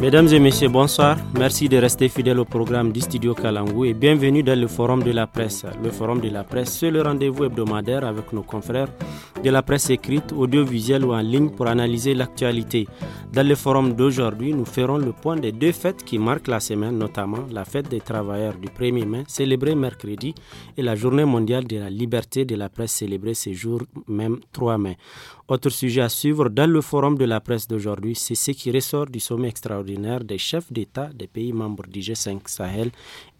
Mesdames et messieurs, bonsoir. Merci de rester fidèles au programme du Studio Kalangou et bienvenue dans le Forum de la presse. Le Forum de la presse, c'est le rendez-vous hebdomadaire avec nos confrères de la presse écrite, audiovisuelle ou en ligne pour analyser l'actualité. Dans le Forum d'aujourd'hui, nous ferons le point des deux fêtes qui marquent la semaine, notamment la fête des travailleurs du 1er mai, célébrée mercredi, et la journée mondiale de la liberté de la presse, célébrée ce jour même 3 mai. Autre sujet à suivre dans le forum de la presse d'aujourd'hui, c'est ce qui ressort du sommet extraordinaire des chefs d'État des pays membres du G5 Sahel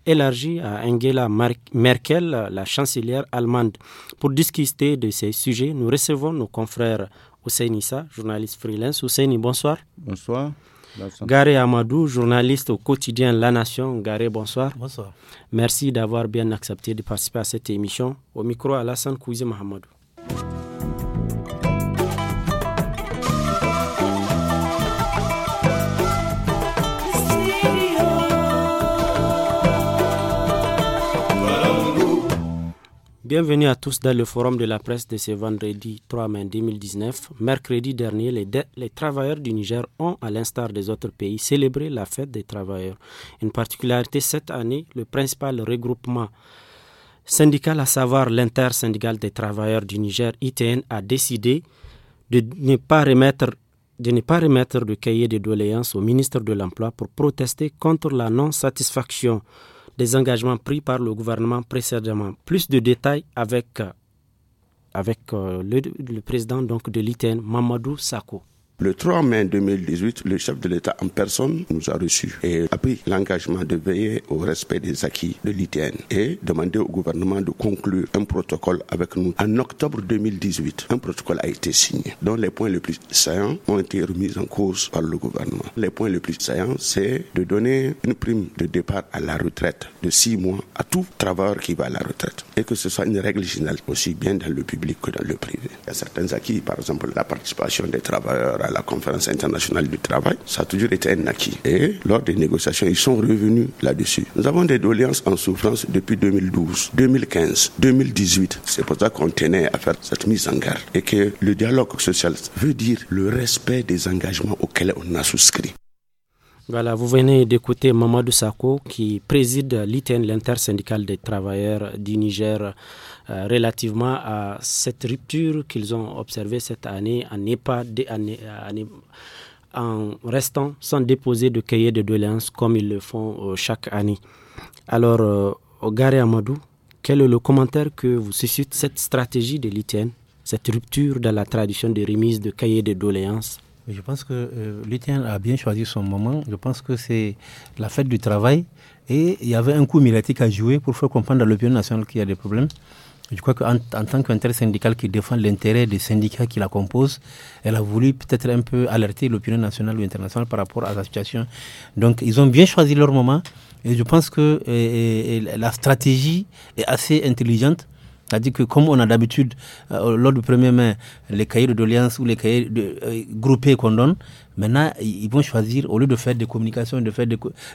élargi à Angela Merkel, la chancelière allemande. Pour discuter de ces sujets, nous recevons nos confrères Hussein Issa, journaliste freelance. Hussein, bonsoir. Bonsoir. Garé Amadou, journaliste au quotidien La Nation. Garé, bonsoir. Bonsoir. Merci d'avoir bien accepté de participer à cette émission. Au micro, Alassane Kouzi Mahamadou. Bienvenue à tous dans le forum de la presse de ce vendredi 3 mai 2019. Mercredi dernier, les, travailleurs du Niger ont, à l'instar des autres pays, célébré la fête des travailleurs. Une particularité cette année, le principal regroupement syndical, à savoir l'intersyndical des travailleurs du Niger, ITN, a décidé de ne pas remettre de ne pas remettre de cahier de doléances au ministre de l'Emploi pour protester contre la non-satisfaction des engagements pris par le gouvernement précédemment. Plus de détails avec, euh, avec euh, le, président donc, de l'ITN, Mamadou Sako. Le 3 mai 2018, le chef de l'État en personne nous a reçus et a pris l'engagement de veiller au respect des acquis de l'ITN et demandé au gouvernement de conclure un protocole avec nous. En octobre 2018, un protocole a été signé dont les points les plus saillants ont été remis en cause par le gouvernement. Les points les plus saillants, c'est de donner une prime de départ à la retraite de six mois à tout travailleur qui va à la retraite et que ce soit une règle générale aussi bien dans le public que dans le privé. Il y a certains acquis, par exemple la participation des travailleurs à la conférence internationale du travail, ça a toujours été un acquis. Et lors des négociations, ils sont revenus là-dessus. Nous avons des doléances en souffrance depuis 2012, 2015, 2018. C'est pour ça qu'on tenait à faire cette mise en garde. Et que le dialogue social veut dire le respect des engagements auxquels on a souscrit. Voilà, vous venez d'écouter Mamadou Sako qui préside l'ITN, l'intersyndicale des travailleurs du Niger, euh, relativement à cette rupture qu'ils ont observée cette année en en restant sans déposer de cahier de doléances comme ils le font euh, chaque année. Alors, euh, Amadou, quel est le commentaire que vous suscite cette stratégie de l'ITN, cette rupture dans la tradition de remise de cahier de doléances je pense que euh, a bien choisi son moment. Je pense que c'est la fête du travail. Et il y avait un coup médiatique à jouer pour faire comprendre à l'opinion nationale qu'il y a des problèmes. Je crois qu'en tant tant syndical qui défend l'intérêt des syndicats qui la composent, elle a voulu peut-être un peu alerter l'opinion nationale ou internationale par rapport à la situation. Donc ils ont bien choisi leur moment et je pense que euh, la stratégie est assez intelligente c'est-à-dire que comme on a d'habitude, euh, lors du 1er mai, les cahiers de doléances ou les cahiers de, euh, groupés qu'on donne, maintenant, ils vont choisir, au lieu de faire des communications, de faire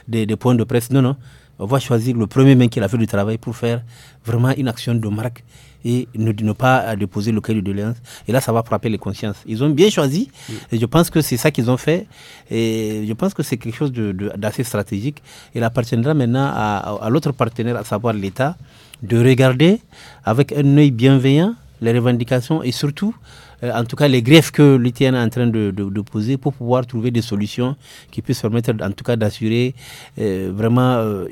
des, points de presse, non, non, on va choisir le premier er mai qui a fait du travail pour faire vraiment une action de marque et ne, ne pas euh, déposer le cahier de doléances. Et là, ça va frapper les consciences. Ils ont bien choisi, mm. et je pense que c'est ça qu'ils ont fait, et je pense que c'est quelque chose d'assez de, stratégique. Il appartiendra maintenant à, l'autre partenaire, à savoir l'État, de regarder avec un œil bienveillant les revendications et surtout euh, en tout cas les grèves que l'ITN est en train de, poser pour pouvoir trouver des solutions qui puissent permettre en tout cas d'assurer euh, vraiment euh,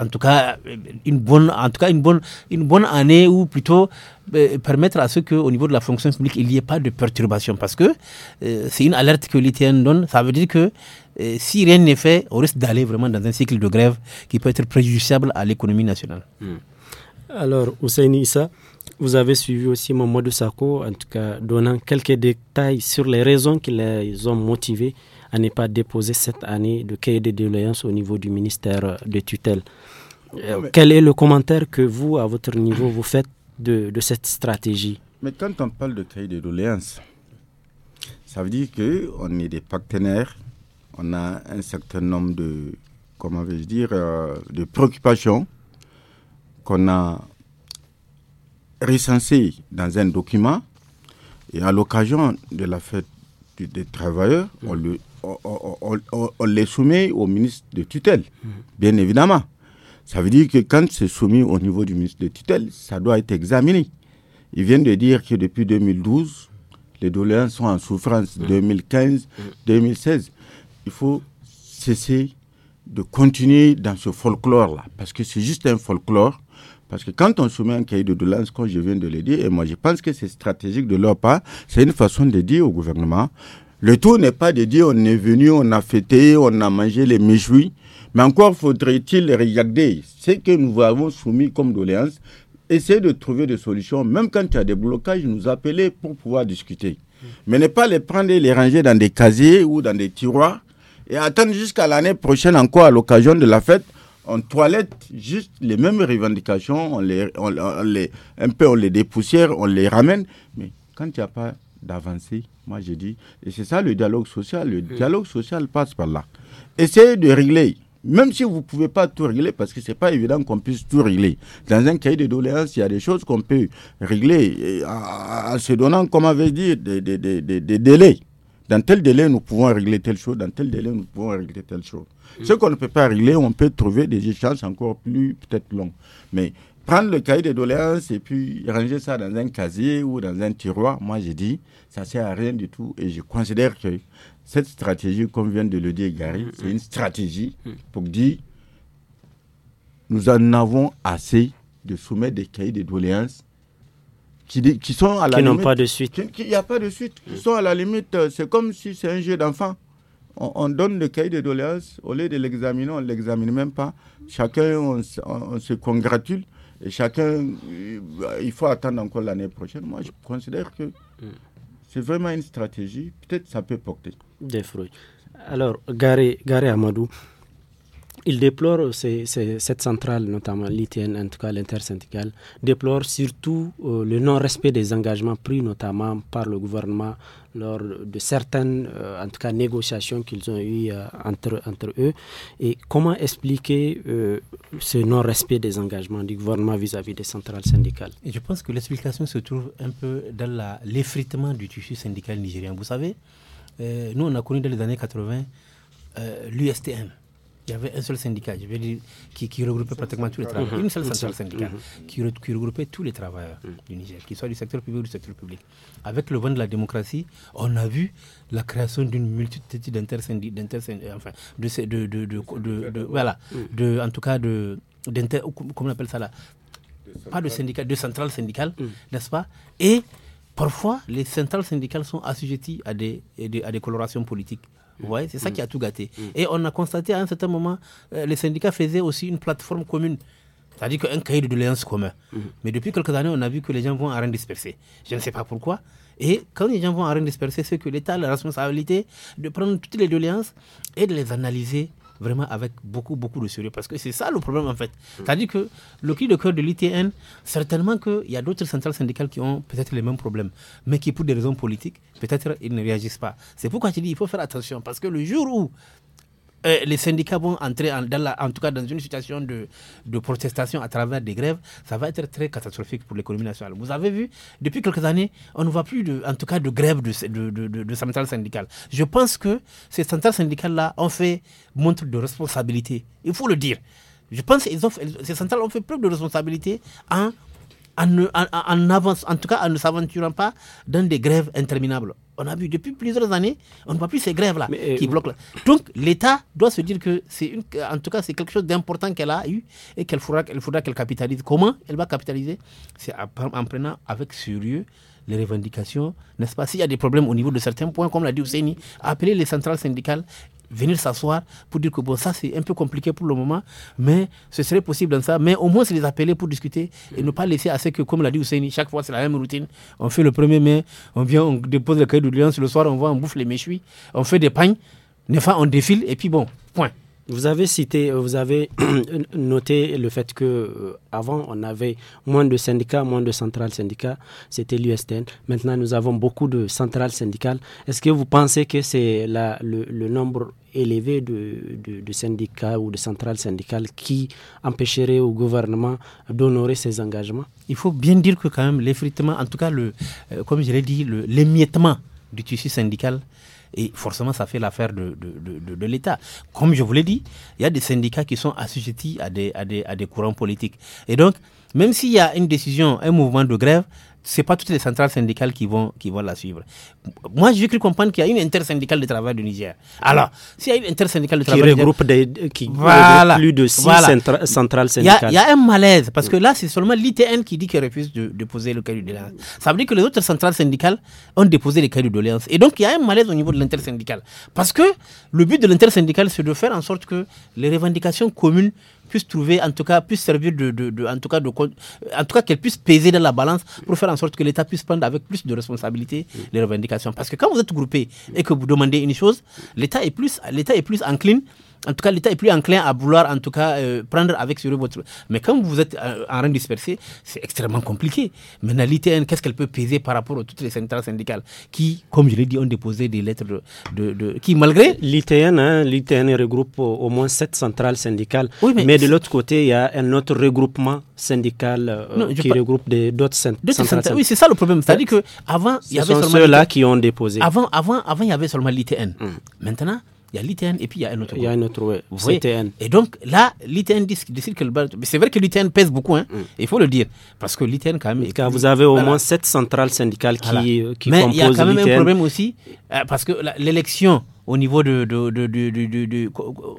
en tout cas une bonne en tout cas une bonne une bonne année ou plutôt permettre à ce qu'au niveau de la fonction publique, il n'y ait pas de perturbation. Parce que c'est une alerte que l'ITN donne. Ça veut dire que si rien n'est fait, on risque d'aller vraiment dans un cycle de grève qui peut être préjudiciable à l'économie nationale. Hmm. Alors, Ousseini Issa, vous avez suivi aussi de Sako, en tout cas donnant quelques détails sur les raisons qui les ont motivés à ne pas déposer cette année de cahier de doléances au niveau du ministère de tutelle. Euh, quel est le commentaire que vous, à votre niveau, vous faites de, cette stratégie Mais quand on parle de cahier de doléances, ça veut dire qu'on est des partenaires, on a un certain nombre de, comment je dire, euh, de préoccupations qu'on a Recensé dans un document et à l'occasion de la fête des travailleurs, mm. on, le, on, on, on, les soumet au ministre de tutelle, mm. bien évidemment. Ça veut dire que quand c'est soumis au niveau du ministre de tutelle, ça doit être examiné. Ils viennent de dire que depuis 2012, les doléances sont en souffrance, 2015, mm. 2016. Il faut cesser de continuer dans ce folklore-là, parce que c'est juste un folklore parce que quand on soumet un cahier de doléances, comme je viens de le dire, et moi je pense que c'est stratégique de leur part, c'est une façon de dire au gouvernement, le tout n'est pas de dire on est venu, on a fêté, on a mangé les méchouis, mais encore faudrait-il regarder ce que nous avons soumis comme doléances, essayer de trouver des solutions, même quand il y a des blocages, nous appeler pour pouvoir discuter. Mm. Mais ne pas les prendre et les ranger dans des casiers ou dans des tiroirs et attendre jusqu'à l'année prochaine encore à l'occasion de la fête on toilette juste les mêmes revendications, on les, les, un peu on les dépoussière, on les ramène. Mais quand il n'y a pas d'avancée, moi je dis, et c'est ça le dialogue social. Le dialogue social passe par là. Essayez de régler. Même si vous ne pouvez pas tout régler, parce que ce n'est pas évident qu'on puisse tout régler. Dans un cahier de doléances, il y a des choses qu'on peut régler en, se donnant, comme avait dit, des délais. Dans tel délai, nous pouvons régler telle chose. Dans tel délai, nous pouvons régler telle chose. Mm. Ce qu'on ne peut pas régler, on peut trouver des échanges encore plus peut-être longs. Mais prendre le cahier des doléances et puis ranger ça dans un casier ou dans un tiroir, moi j'ai dit, ça ne sert à rien du tout. Et je considère que cette stratégie, comme vient de le dire Gary, mm. c'est une stratégie mm. pour dire, nous en avons assez de soumettre des cahiers des doléances qui, sont à la qui n'ont pas de suite. Il n'y a pas de suite. Qui sont à la limite. Euh, c'est comme si c'est un jeu d'enfant. On, donne le cahier de doléances. Au lieu de l'examiner, on ne l'examine même pas. Chacun, on, se congratule. Et chacun, euh, il faut attendre encore l'année prochaine. Moi, je considère que hmm. c'est vraiment une stratégie. Peut-être que ça peut porter. Des fruits. Alors, Gary Garé Amadou, il déplore cette centrale, notamment l'ITN, en tout cas l'intersyndicale, déplore surtout euh, le non-respect des engagements pris notamment par le gouvernement lors de certaines, euh, en tout cas, négociations qu'ils ont eues euh, entre, entre eux. Et comment expliquer ce non-respect des engagements du gouvernement vis-à-vis des centrales syndicales Je pense que l'explication se trouve un peu dans l'effritement du tissu syndical nigérien. Vous savez, nous, on a connu dans les années 80 l'USTM, il y avait un seul syndicat, je veux dire, qui, regroupait pratiquement tous les travailleurs. Une seule centrale syndicale qui, regroupait tous les travailleurs mm. du Niger, qu'ils soient du secteur privé ou du secteur public. Avec le vent de la démocratie, on a vu la création d'une multitude d'intersyndicats, euh, enfin, de, de, de, voilà, mm. de, en tout cas, de, comment on appelle ça là Pas de syndicats, de centrales syndicales, mm. n'est-ce pas Et parfois, les centrales syndicales sont assujetties à des, à des colorations politiques. Vous mm. c'est ça qui a mm. tout gâté. Mm. Et on a constaté à un certain moment, euh, les syndicats faisaient aussi une plateforme commune. C'est-à-dire qu'un cahier de doléances commun. Mais depuis quelques années, on a vu que les gens vont à rien disperser. Je ne sais pas pourquoi. Et quand les gens vont à rien disperser, c'est que l'État a la responsabilité de prendre toutes les doléances et de les analyser vraiment avec beaucoup, beaucoup de sérieux. Parce que c'est ça le problème, en fait. C'est-à-dire que le cri de cœur de l'ITN, certainement qu'il y a d'autres centrales syndicales qui ont peut-être les mêmes problèmes, mais qui, pour des raisons politiques, peut-être ils ne réagissent pas. C'est pourquoi je dis il faut faire attention. Parce que le jour où euh, les syndicats vont entrer en, dans tout cas dans une situation de, protestation à travers des grèves, ça va être très catastrophique pour l'économie nationale. Vous avez vu, depuis quelques années, on ne voit plus de, en tout cas de grève de, de, de centrales syndicales. Je pense que ces centrales syndicales-là ont fait montre de responsabilité. Il faut le dire. Je pense que ont, ces centrales ont fait preuve de responsabilité en en, en, avance, en tout cas en ne s'aventurant pas dans des grèves interminables. On a vu depuis plusieurs années, on ne voit plus ces grèves-là euh, qui bloquent. Donc l'État doit se dire que c'est en tout cas c'est quelque chose d'important qu'elle a eu et qu'elle faudra, qu'elle capitalise. Comment elle va capitaliser C'est en prenant avec sérieux les revendications, n'est-ce pas S'il y a des problèmes au niveau de certains points, comme l'a dit Ousseini, appeler les centrales syndicales venir s'asseoir pour dire que bon, ça c'est un peu compliqué pour le moment, mais ce serait possible dans ça. Mais au moins, c'est les appeler pour discuter et ne pas laisser à ce que, comme l'a dit Ousseini, chaque fois c'est la même routine. On fait le 1er mai, on vient, on dépose le cahier d'audience, le soir on voit on bouffe les méchouis, on fait des pagnes, neuf fois on défile et puis bon, point. Vous avez cité, euh, vous avez noté le fait que euh, avant on avait moins de syndicats, moins de centrales syndicales, c'était l'USTN. Maintenant nous avons beaucoup de centrales syndicales. Est-ce que vous pensez que c'est le, nombre élevé de, syndicats ou de centrales syndicales qui empêcherait au gouvernement d'honorer ses engagements Il faut bien dire que quand même l'effritement, en tout cas le, euh, comme je l'ai dit, l'émiettement du tissu syndical et forcément, ça fait l'affaire de, l'État. Comme je vous l'ai dit, il y a des syndicats qui sont assujettis à des, à des, à des courants politiques. Et donc, même s'il y a une décision, un mouvement de grève, c'est pas toutes les centrales syndicales qui vont, qui vont la suivre. Moi, j'ai cru comprendre qu'il y a une intersyndicale de travail du Niger. Alors, s'il y a une intersyndicale de travail qui regroupe Niger, des, qui regroupe plus de six centrales syndicales. Il y, a un malaise parce que là, c'est seulement l'ITN qui dit qu'elle refuse de déposer le cahier de doléances. Ça veut dire que les autres centrales syndicales ont déposé les cahiers de doléances. Et donc, il y a un malaise au niveau de l'intersyndicale parce que le but de l'intersyndicale, c'est de faire en sorte que les revendications communes puisse trouver, en tout cas, puisse servir de, de, en tout cas, de, en tout cas, qu'elle puisse peser dans la balance pour faire en sorte que l'État puisse prendre avec plus de responsabilité les revendications. Parce que quand vous êtes groupé et que vous demandez une chose, l'État est plus, l'État est plus encline en tout cas, l'État est plus enclin à vouloir, en tout cas, euh, prendre avec sur votre. Mais quand vous êtes euh, en rang dispersé, c'est extrêmement compliqué. Maintenant, l'ITN, qu'est-ce qu'elle peut peser par rapport à toutes les centrales syndicales qui, comme je l'ai dit, ont déposé des lettres de. qui, malgré. L'ITN, hein, l'ITN regroupe au moins sept centrales syndicales. Oui, mais, de l'autre côté, il y a un autre regroupement syndical euh, qui regroupe d'autres centrales. syndicales. Oui, c'est ça le problème. C'est-à-dire qu'avant, il y avait seulement. ceux-là qui ont déposé. Avant, avant, avant, il y avait seulement l'ITN. Hmm. Maintenant, il y a l'ITN et puis il y a un autre Il y a Et donc là, l'ITN décide que le C'est vrai que l'ITN pèse beaucoup, hein, mm. il faut le dire. Parce que l'ITN, quand même. Quand vous avez au moins sept centrales syndicales qui, composent euh, qui Mais il y a quand même un problème aussi, euh, parce que l'élection au niveau de, de, de,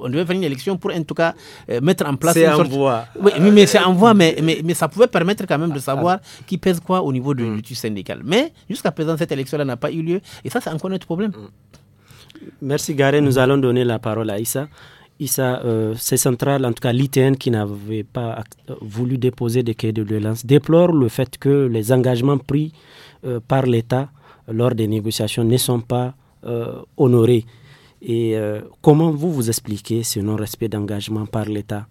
on devait faire une élection pour en tout cas euh, mettre en place c'est en voie oui, mais c'est en voie mais, mais, ça pouvait permettre quand même de ah, savoir ah. qui pèse quoi au niveau mm. du syndical mais jusqu'à présent cette élection là n'a pas eu lieu et ça c'est encore notre problème mm. Merci Gare. nous allons donner la parole à Issa. Issa, euh, c'est central, en tout cas l'ITN, qui n'avait pas euh, voulu déposer des cahiers de violence, déplore le fait que les engagements pris euh, par l'État lors des négociations ne sont pas honorés. Et comment vous vous expliquez ce non-respect d'engagement par l'État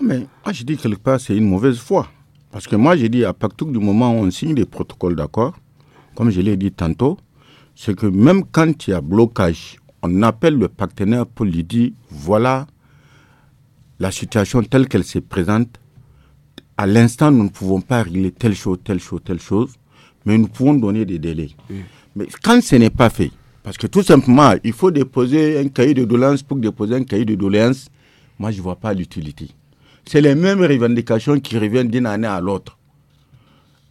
moi, je dis quelque part, c'est une mauvaise foi. Parce que moi, je dis à partir du moment où on signe des protocoles d'accord, comme je l'ai dit tantôt, c'est que même quand il y a blocage, on appelle le partenaire pour lui dire voilà la situation telle qu'elle se présente. À l'instant, nous ne pouvons pas régler telle chose, telle chose, telle chose, mais nous pouvons donner des délais. Mais quand ce n'est pas fait, parce que tout simplement, il faut déposer un cahier de doléances pour déposer un cahier de doléances, moi je ne vois pas l'utilité. C'est les mêmes revendications qui reviennent d'une année à l'autre.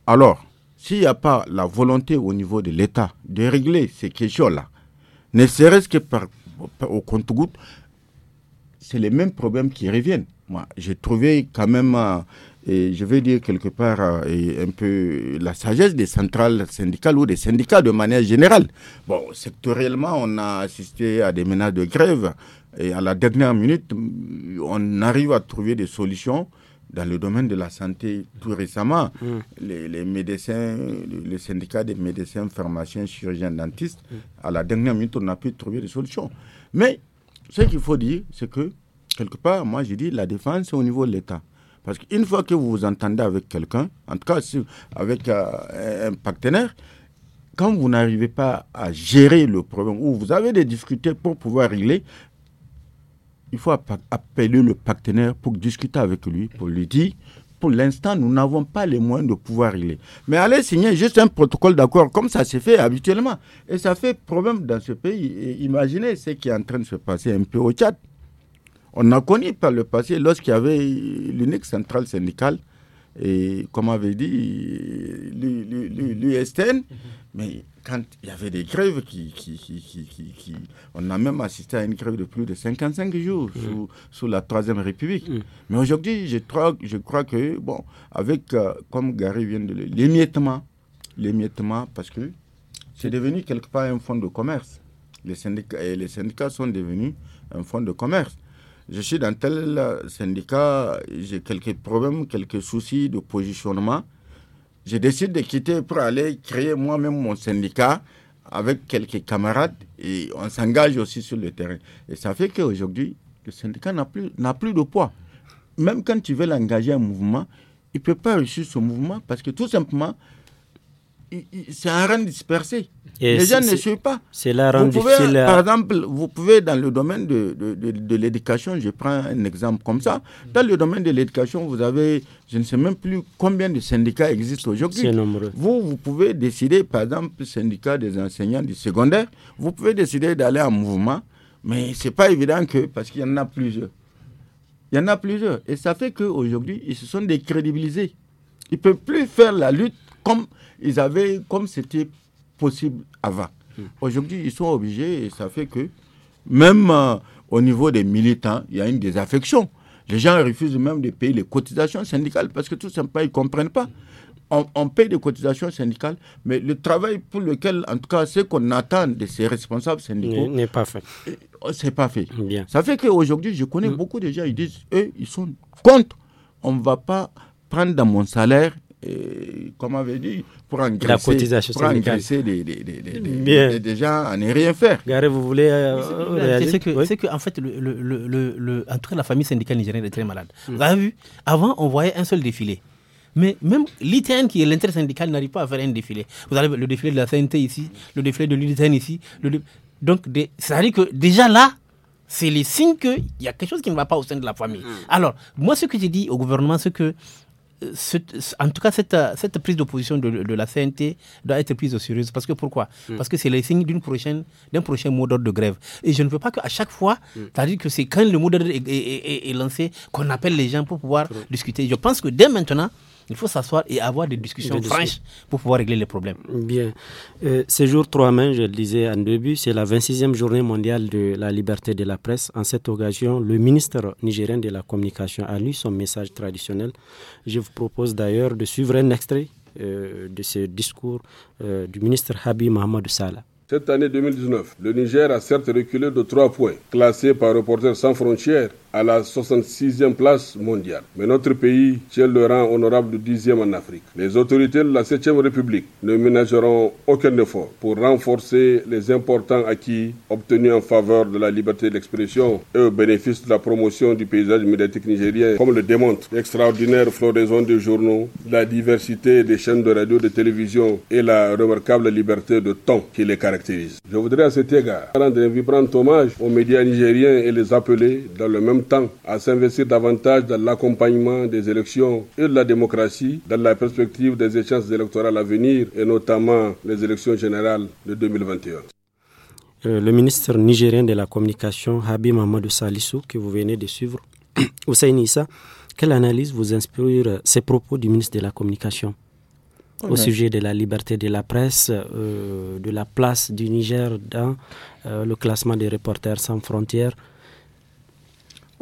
Alors, s'il n'y a pas la volonté au niveau de l'État de régler ces questions-là, ne serait-ce que par, au compte-goutte, c'est les mêmes problèmes qui reviennent. Moi, j'ai trouvé quand même, euh, et je vais dire quelque part, euh, un peu la sagesse des centrales syndicales ou des syndicats de manière générale. Bon, sectoriellement, on a assisté à des menaces de grève et à la dernière minute, on arrive à trouver des solutions dans le domaine de la santé tout récemment. Mm. Mm. Les, médecins, le syndicat des médecins, pharmaciens, chirurgiens, dentistes, mm. à la dernière minute, on a pu trouver des solutions. Mais ce qu'il faut dire, c'est que, quelque part, moi, je dis, la défense, c'est au niveau de l'État. Parce qu'une fois que vous vous entendez avec quelqu'un, en tout cas avec euh, un partenaire, quand vous n'arrivez pas à gérer le problème ou vous avez des difficultés pour pouvoir régler, il faut appeler le partenaire pour discuter avec lui, pour lui dire, pour l'instant, nous n'avons pas les moyens de pouvoir aller. Mais allez signer juste un protocole d'accord, comme ça se fait habituellement. Et ça fait problème dans ce pays. imaginez ce qui est en train de se passer un peu au Tchad. On a connu par le passé, lorsqu'il y avait l'unique centrale syndicale, et comme avait dit l'USTN, mhm. mais quand il y avait des grèves qui, qui, qui, On a même assisté à une grève de plus de 55 jours mm. sous, la Troisième République. Mm. Mais aujourd'hui, je, crois que, bon, avec, euh, comme Gary vient de le l'émiettement, l'émiettement, parce que c'est devenu quelque part un fonds de commerce. Les syndicats, les syndicats sont devenus un fonds de commerce. Je suis dans tel syndicat, j'ai quelques problèmes, quelques soucis de positionnement je décide de quitter pour aller créer moi-même mon syndicat avec quelques camarades et on s'engage aussi sur le terrain. Et ça fait qu'aujourd'hui, le syndicat n'a plus, n'a plus de poids. Même quand tu veux l'engager un mouvement, il ne peut pas réussir ce mouvement parce que tout simplement, c'est un rang dispersé. les gens ne suivent pas. C'est la vous Par exemple, vous pouvez, dans le domaine de, de, l'éducation, je prends un exemple comme ça. Dans le domaine de l'éducation, vous avez, je ne sais même plus combien de syndicats existent aujourd'hui. C'est nombreux. Vous, vous pouvez décider, par exemple, syndicat des enseignants du secondaire, vous pouvez décider d'aller en mouvement, mais ce n'est pas évident que, parce qu'il y en a plusieurs. Il y en a plusieurs. Et ça fait qu'aujourd'hui, ils se sont décrédibilisés. Ils ne peuvent plus faire la lutte comme ils avaient, comme c'était possible avant. Hmm. Aujourd'hui, ils sont obligés et ça fait que même euh, au niveau des militants, il y a une désaffection. Les gens refusent même de payer les cotisations syndicales parce que tout simplement, ils ne comprennent pas. On, on, paye des cotisations syndicales, mais le travail pour lequel, en tout cas, ce qu'on attend de ces responsables syndicaux n'est pas fait. Euh, euh, c'est pas fait. Bien. Ça fait qu'aujourd'hui, je connais hmm. beaucoup de gens, ils disent, eux, ils sont contre. On ne va pas prendre dans mon salaire et, comme on avait dit, pour engraisser, la cotisation pour les, les, gens à ne rien faire. Gare, vous voulez euh, C'est que, que, en fait, le, le, le, en tout cas, la famille syndicale nigérienne est très malade. Hmm. Vous avez vu Avant, on voyait un seul défilé. Mais même l'ITN, qui est l'intérêt syndical, n'arrive pas à faire un défilé. Vous avez le défilé de la CNT ici, le défilé de l'ITN ici. Donc, ça veut dire que déjà là, c'est les signes qu'il y a quelque chose qui ne va pas au sein de la famille. Hmm. Alors, moi, ce que j'ai dit au gouvernement, c'est que en tout cas, cette, prise d'opposition de, la CNT doit être prise au sérieux. Parce que pourquoi mm. Parce que c'est le signe d'une prochaine, d'un prochain mot d'ordre de grève. Et je ne veux pas qu'à chaque fois, mm. c'est-à-dire que c'est quand le mot d'ordre est, lancé qu'on appelle les gens pour pouvoir discuter. Je pense que dès maintenant, il faut s'asseoir et avoir des discussions franches pour pouvoir régler les problèmes. Bien. Euh, ce jour 3 mai, je le disais en début, c'est la 26e journée mondiale de la liberté de la presse. En cette occasion, le ministre nigérien de la communication a lu son message traditionnel. Je vous propose d'ailleurs de suivre un extrait euh, de ce discours euh, du ministre Habib Mohamed Salah. Cette année 2019, le Niger a certes reculé de trois points, classé par Reporters sans frontières à la 66e place mondiale. Mais notre pays tient le rang honorable du 10e en Afrique. Les autorités de la 7e République ne ménageront aucun effort pour renforcer les importants acquis obtenus en faveur de la liberté d'expression et au bénéfice de la promotion du paysage médiatique nigérien, comme le démontre l'extraordinaire floraison des journaux, la diversité des chaînes de radio et de télévision et la remarquable liberté de temps qui les caractérise. Je voudrais à cet égard rendre un vibrant hommage aux médias nigériens et les appeler dans le même temps à s'investir davantage dans l'accompagnement des élections et de la démocratie dans la perspective des échéances électorales à venir et notamment les élections générales de 2021. Euh, le ministre nigérien de la communication, Habib Mamadou Salissou, que vous venez de suivre, Hussein Issa, quelle analyse vous inspire euh, ces propos du ministre de la communication au ben. sujet de la liberté de la presse, euh, de la place du Niger dans le classement des Reporters sans frontières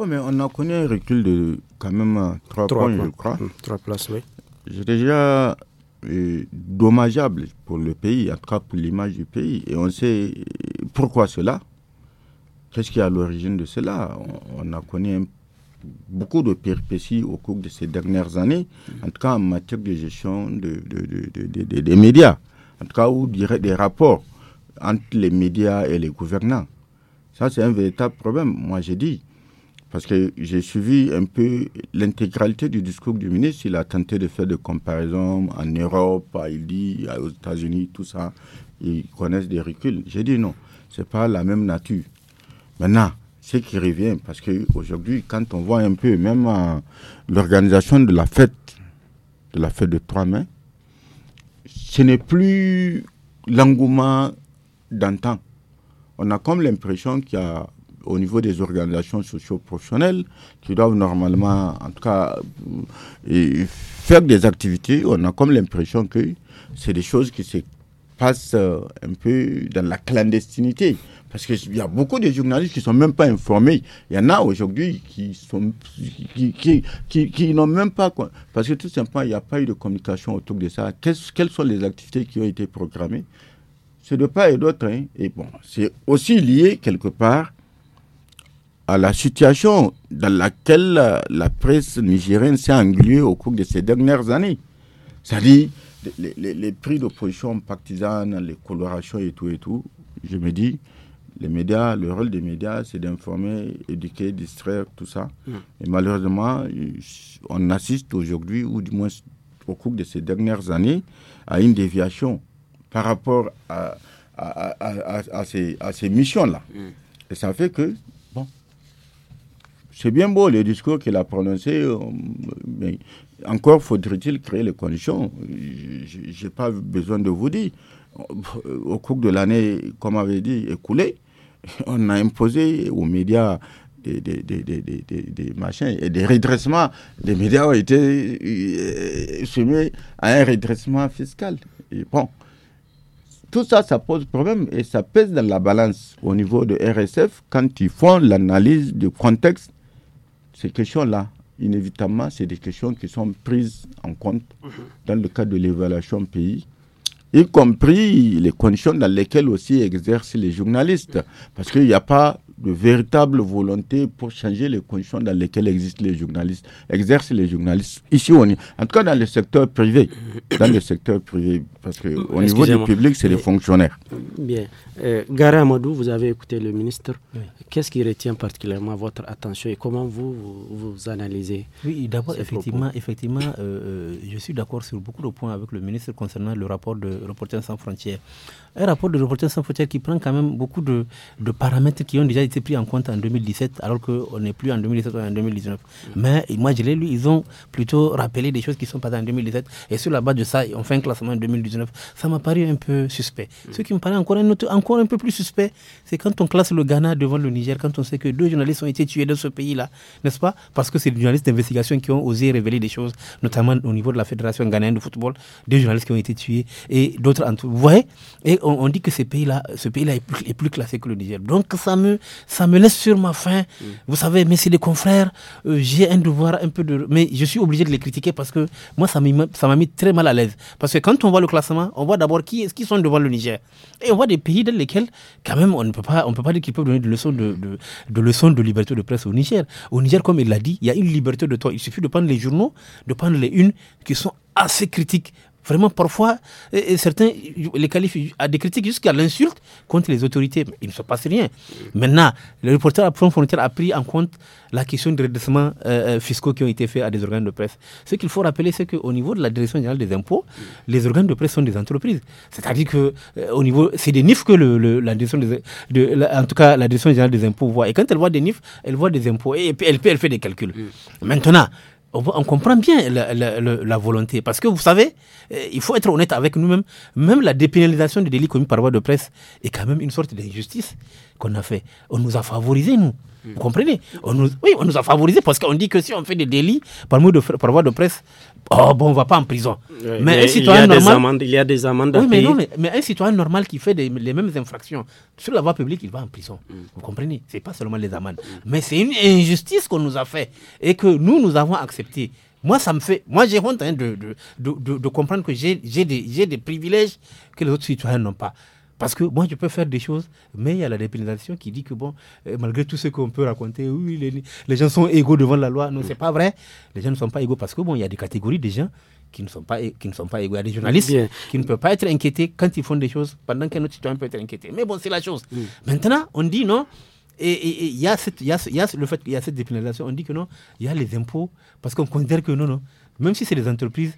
mais on a connu un recul de quand même 3, euh, points, je crois. 3 hum, places, oui. C'est déjà euh, dommageable pour le pays, en tout cas pour l'image du pays. Et on sait euh, pourquoi cela. Qu'est-ce qui est à l'origine de cela on, a connu beaucoup de péripéties au cours de ces dernières années, hum. en tout cas en matière de gestion de, des médias, en tout cas ou des rapports entre les médias et les gouvernants. Ça, c'est un véritable problème. Moi, j'ai dit, parce que j'ai suivi un peu l'intégralité du discours du ministre. Il a tenté de faire des comparaisons en Europe, il dit aux États-Unis, tout ça. Ils connaissent des reculs. J'ai dit non, ce n'est pas la même nature. Maintenant, ce qui revient, parce qu'aujourd'hui, quand on voit un peu, même l'organisation de la fête, de la fête de trois mains, ce n'est plus l'engouement d'antan. On a comme l'impression qu'il y a au niveau des organisations socio-professionnelles qui doivent normalement, en tout cas, euh, faire des activités. On a comme l'impression que c'est des choses qui se passent euh, un peu dans la clandestinité. Parce qu'il y a beaucoup de journalistes qui ne sont même pas informés. Il y en a aujourd'hui qui, sont, qui, qui, qui, n'ont même pas. Parce que tout simplement, il n'y a pas eu de communication autour de ça. Qu quelles sont les activités qui ont été programmées C'est de part et d'autre. Hein. Et bon, c'est aussi lié quelque part à la situation dans laquelle la presse nigérienne s'est engluée au cours de ces dernières années. C'est-à-dire les, les, les, prix d'opposition partisane, les colorations et tout et tout. Je me dis, les médias, le rôle des médias, c'est d'informer, éduquer, distraire, tout ça. Hum. Et malheureusement, on assiste aujourd'hui, ou du moins au cours de ces dernières années, à une déviation par rapport à, à, ces, missions-là. Hum. Et ça fait que c'est bien beau le discours qu'il a prononcé, euh, mais encore faudrait-il créer les conditions. Je n'ai pas besoin de vous dire. Au cours de l'année, comme avait dit, écoulée, on a imposé aux médias des, des, des, des, machins et des redressements. Les médias ont été euh, soumis à un redressement fiscal. Et bon, tout ça, ça pose problème et ça pèse dans la balance au niveau de RSF quand ils font l'analyse du contexte ces questions-là, inévitablement, c'est des questions qui sont prises en compte mhm. dans le cadre de l'évaluation pays, y compris les conditions dans lesquelles aussi exercent les journalistes. Parce qu'il n'y a pas de véritable volonté pour changer les conditions dans lesquelles existent les journalistes, exercent les journalistes. Ici, on est, en tout cas dans le secteur privé, dans le secteur privé, parce qu'au niveau du public, c'est les euh, fonctionnaires. Bien. Euh, Gara Amadou, vous avez écouté le ministre. Qu'est-ce qui retient particulièrement votre attention et comment vous, vous, analysez Oui, d'abord, effectivement, effectivement euh, je suis d'accord sur beaucoup de points avec le ministre concernant le rapport de Reporters sans frontières. Un rapport de Reporters sans frontières qui prend quand même beaucoup de, de paramètres qui ont déjà été pris en compte en 2017, alors qu'on n'est plus en 2017, ou en 2019. Mais moi, je l'ai lu, ils ont plutôt rappelé des choses qui sont passées en 2017. Et sur la base de ça, on fait un classement en 2019. Ça m'a paru un peu suspect. Mm. Ce qui me paraît encore un, encore un peu plus suspect, c'est quand on classe le Ghana devant le Niger, quand on sait que deux journalistes ont été tués dans ce pays-là, n'est-ce pas Parce que c'est des journalistes d'investigation qui ont osé révéler des choses, notamment au niveau de la Fédération ghanéenne de football, deux journalistes qui ont été tués et d'autres en tout. Vous voyez Et on, dit que ces pays-là, ce pays-là est plus classé que le Niger. Donc ça me, ça me laisse sur ma faim. Mm. Vous savez, mais c'est des confrères, euh, j'ai un devoir un peu de. Mais je suis obligé de les critiquer parce que moi, ça m'a mis très mal à l'aise. Parce que quand on voit le classement, on voit d'abord qui, qui sont devant le Niger. Et on voit des pays dans lesquels, quand même, on ne peut pas, on peut pas dire qu'ils peuvent donner des leçons de, de, de, leçons de liberté de presse au Niger. Au Niger, comme il l'a dit, il y a une liberté de toi. Il suffit de prendre les journaux, de prendre les unes qui sont assez critiques Vraiment, parfois, certains, les qualifient à des critiques jusqu'à l'insulte contre les autorités. Il ne se passe rien. Maintenant, le reporter à Front Frontière a pris en compte la question des redressements euh, euh, fiscaux qui ont été faits à des organes de presse. Ce qu'il faut rappeler, c'est qu'au niveau de la Direction générale des impôts, les organes de presse sont des entreprises. C'est-à-dire que euh, au niveau, c'est des nifs que la direction en tout cas, la générale des impôts voit. Et quand elle voit des nifs, elle voit des impôts. Et, puis, elle fait des calculs. Mm. Maintenant, on, comprend bien la, volonté. Parce que vous savez, euh, il faut être honnête avec nous-mêmes, même la dépénalisation des délits commis par voie de presse est quand même une sorte d'injustice qu'on a fait. On nous a favorisés, nous. Vous comprenez on Oui, on nous a favorisés parce qu'on dit que si on fait des délits par, de, par voie de presse, Oh bon, on va pas en prison. mais, un citoyen il normal, il y oui, mais, non, mais, un citoyen normal qui fait les mêmes infractions sur la voie publique, il va en prison. Mm. Vous comprenez C'est pas seulement les amendes, mais c'est une injustice qu'on nous a fait et que nous nous avons accepté. Moi, ça me fait. Moi, j'ai honte hein, de, de, comprendre que j'ai des, des privilèges que les autres citoyens n'ont pas. Parce que moi, je peux faire des choses, mais il y a la dépénalisation qui dit que, bon, euh, malgré tout ce qu'on peut raconter, oui, les, gens sont égaux devant la loi. Non, mm. c'est pas vrai. Les gens ne sont pas égaux parce que, bon, il y a des catégories de gens qui ne sont pas, qui ne sont pas égaux. Il y a des journalistes qui ne peuvent pas être inquiétés quand ils font des choses pendant qu'un autre citoyen peut être inquiété. Mais bon, c'est la chose. Mm. Maintenant, on dit non. Et il y, y, a le fait qu'il y a cette dépénalisation. On dit que non, il y a les impôts parce qu'on considère que non, non. Même si c'est des entreprises,